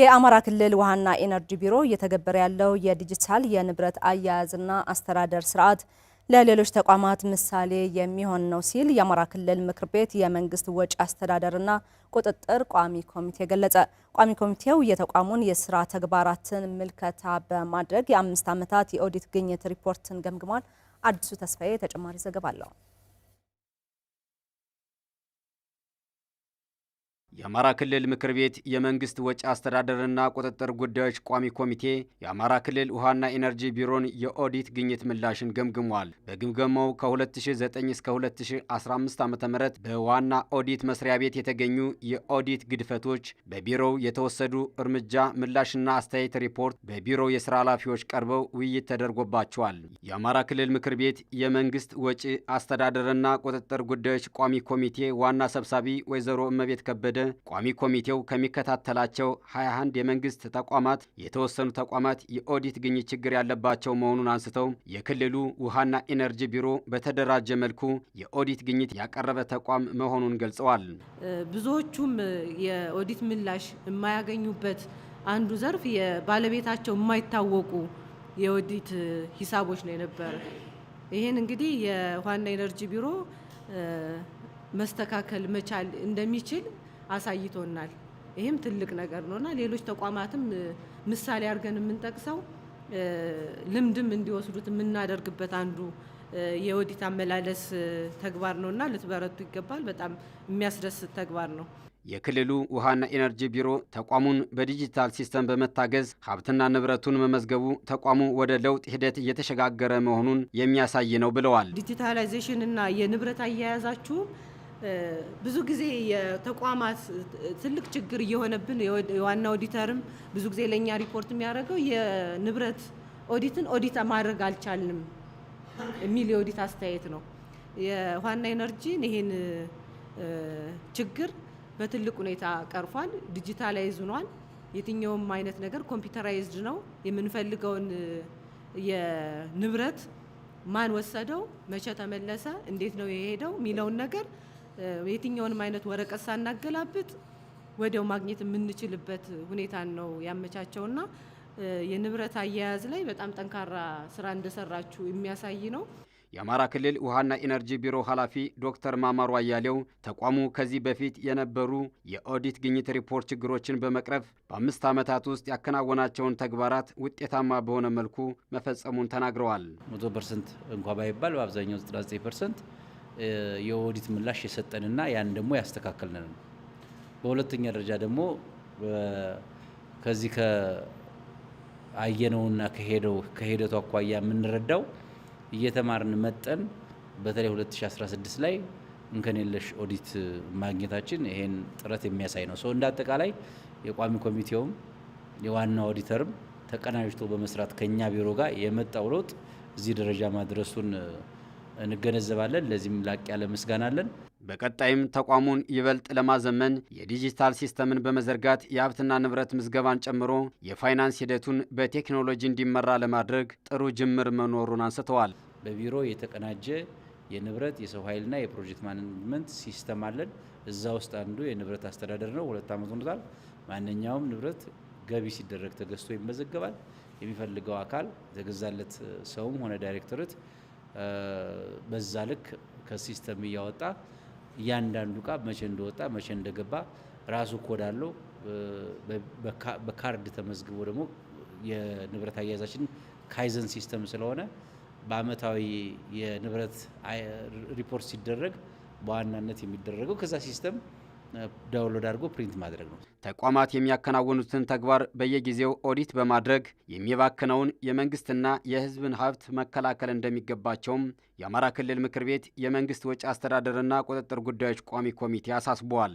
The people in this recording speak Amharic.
የአማራ ክልል ውሃና ኢነርጂ ቢሮ እየተገበረ ያለው የዲጂታል የንብረት አያያዝና አስተዳደር ስርዓት ለሌሎች ተቋማት ምሳሌ የሚሆን ነው ሲል የአማራ ክልል ምክር ቤት የመንግስት ወጪ አስተዳደርና ቁጥጥር ቋሚ ኮሚቴ ገለጸ። ቋሚ ኮሚቴው የተቋሙን የስራ ተግባራትን ምልከታ በማድረግ የአምስት ዓመታት የኦዲት ግኝት ሪፖርትን ገምግሟል። አዲሱ ተስፋዬ ተጨማሪ ዘገባ አለው። የአማራ ክልል ምክር ቤት የመንግስት ወጪ አስተዳደርና ቁጥጥር ጉዳዮች ቋሚ ኮሚቴ የአማራ ክልል ውሃና ኢነርጂ ቢሮን የኦዲት ግኝት ምላሽን ገምግሟል። በግምገማው ከ2009 እስከ 2015 ዓ ም በዋና ኦዲት መስሪያ ቤት የተገኙ የኦዲት ግድፈቶች፣ በቢሮው የተወሰዱ እርምጃ ምላሽና አስተያየት ሪፖርት በቢሮው የስራ ኃላፊዎች ቀርበው ውይይት ተደርጎባቸዋል። የአማራ ክልል ምክር ቤት የመንግስት ወጪ አስተዳደርና ቁጥጥር ጉዳዮች ቋሚ ኮሚቴ ዋና ሰብሳቢ ወይዘሮ እመቤት ከበደ ቋሚ ኮሚቴው ከሚከታተላቸው 21 የመንግስት ተቋማት የተወሰኑ ተቋማት የኦዲት ግኝት ችግር ያለባቸው መሆኑን አንስተው የክልሉ ውሃና ኢነርጂ ቢሮ በተደራጀ መልኩ የኦዲት ግኝት ያቀረበ ተቋም መሆኑን ገልጸዋል። ብዙዎቹም የኦዲት ምላሽ የማያገኙበት አንዱ ዘርፍ የባለቤታቸው የማይታወቁ የኦዲት ሂሳቦች ነው የነበረ። ይህን እንግዲህ የውሃና ኢነርጂ ቢሮ መስተካከል መቻል እንደሚችል አሳይቶናል። ይህም ትልቅ ነገር ነው እና ሌሎች ተቋማትም ምሳሌ አድርገን የምንጠቅሰው ልምድም እንዲወስዱት የምናደርግበት አንዱ የኦዲት አመላለስ ተግባር እና ልትበረቱ ይገባል። በጣም የሚያስደስት ተግባር ነው። የክልሉ ውሃና ኢነርጂ ቢሮ ተቋሙን በዲጂታል ሲስተም በመታገዝ ሀብትና ንብረቱን መመዝገቡ ተቋሙ ወደ ለውጥ ሂደት እየተሸጋገረ መሆኑን የሚያሳይ ነው ብለዋል። ዲጂታላይዜሽን እና የንብረት አያያዛችሁን ብዙ ጊዜ የተቋማት ትልቅ ችግር እየሆነብን የዋና ኦዲተርም ብዙ ጊዜ ለእኛ ሪፖርት የሚያደርገው የንብረት ኦዲትን ኦዲት ማድረግ አልቻልንም የሚል የኦዲት አስተያየት ነው። የዋና ኢነርጂን ይሄን ችግር በትልቅ ሁኔታ ቀርፏል። ዲጂታላይዝ ሆኗል። የትኛውም አይነት ነገር ኮምፒውተራይዝድ ነው። የምንፈልገውን የንብረት ማን ወሰደው፣ መቼ ተመለሰ፣ እንዴት ነው የሄደው የሚለውን ነገር የትኛውንም አይነት ወረቀት ሳናገላብጥ ወዲያው ማግኘት የምንችልበት ሁኔታን ነው ያመቻቸውና የንብረት አያያዝ ላይ በጣም ጠንካራ ስራ እንደሰራችሁ የሚያሳይ ነው። የአማራ ክልል ውሃና ኢነርጂ ቢሮ ኃላፊ ዶክተር ማማሩ አያሌው ተቋሙ ከዚህ በፊት የነበሩ የኦዲት ግኝት ሪፖርት ችግሮችን በመቅረፍ በአምስት ዓመታት ውስጥ ያከናወናቸውን ተግባራት ውጤታማ በሆነ መልኩ መፈጸሙን ተናግረዋል። መቶ ፐርሰንት እንኳ ባይባል በአብዛኛው 99 ፐርሰንት የኦዲት ምላሽ የሰጠንና ያን ደግሞ ያስተካከልን ነው። በሁለተኛ ደረጃ ደግሞ ከዚህ ከአየነውና ከሄደው ከሂደቱ አኳያ የምንረዳው እየተማርን መጠን በተለይ 2016 ላይ እንከን የለሽ ኦዲት ማግኘታችን ይሄን ጥረት የሚያሳይ ነው። ሰው እንደ አጠቃላይ የቋሚ ኮሚቴውም የዋና ኦዲተርም ተቀናጅቶ በመስራት ከኛ ቢሮ ጋር የመጣው ለውጥ እዚህ ደረጃ ማድረሱን እንገነዘባለን። ለዚህም ላቅ ያለ ምስጋና አለን። በቀጣይም ተቋሙን ይበልጥ ለማዘመን የዲጂታል ሲስተምን በመዘርጋት የሀብትና ንብረት ምዝገባን ጨምሮ የፋይናንስ ሂደቱን በቴክኖሎጂ እንዲመራ ለማድረግ ጥሩ ጅምር መኖሩን አንስተዋል። በቢሮ የተቀናጀ የንብረት የሰው ኃይልና የፕሮጀክት ማኔጅመንት ሲስተም አለን። እዛ ውስጥ አንዱ የንብረት አስተዳደር ነው። ሁለት ዓመት ሆኖታል። ማንኛውም ንብረት ገቢ ሲደረግ ተገዝቶ ይመዘገባል። የሚፈልገው አካል የተገዛለት ሰውም ሆነ ዳይሬክተርት በዛ ልክ ከሲስተም እያወጣ እያንዳንዱ እቃ መቼ እንደወጣ መቼ እንደገባ ራሱ ኮድ አለው። በካርድ ተመዝግቦ ደግሞ የንብረት አያያዛችን ካይዘን ሲስተም ስለሆነ በአመታዊ የንብረት ሪፖርት ሲደረግ በዋናነት የሚደረገው ከዛ ሲስተም ዳውንሎድ አድርጎ ፕሪንት ማድረግ ነው። ተቋማት የሚያከናውኑትን ተግባር በየጊዜው ኦዲት በማድረግ የሚባክነውን የመንግስትና የህዝብን ሀብት መከላከል እንደሚገባቸውም የአማራ ክልል ምክር ቤት የመንግስት ወጪ አስተዳደርና ቁጥጥር ጉዳዮች ቋሚ ኮሚቴ አሳስበዋል።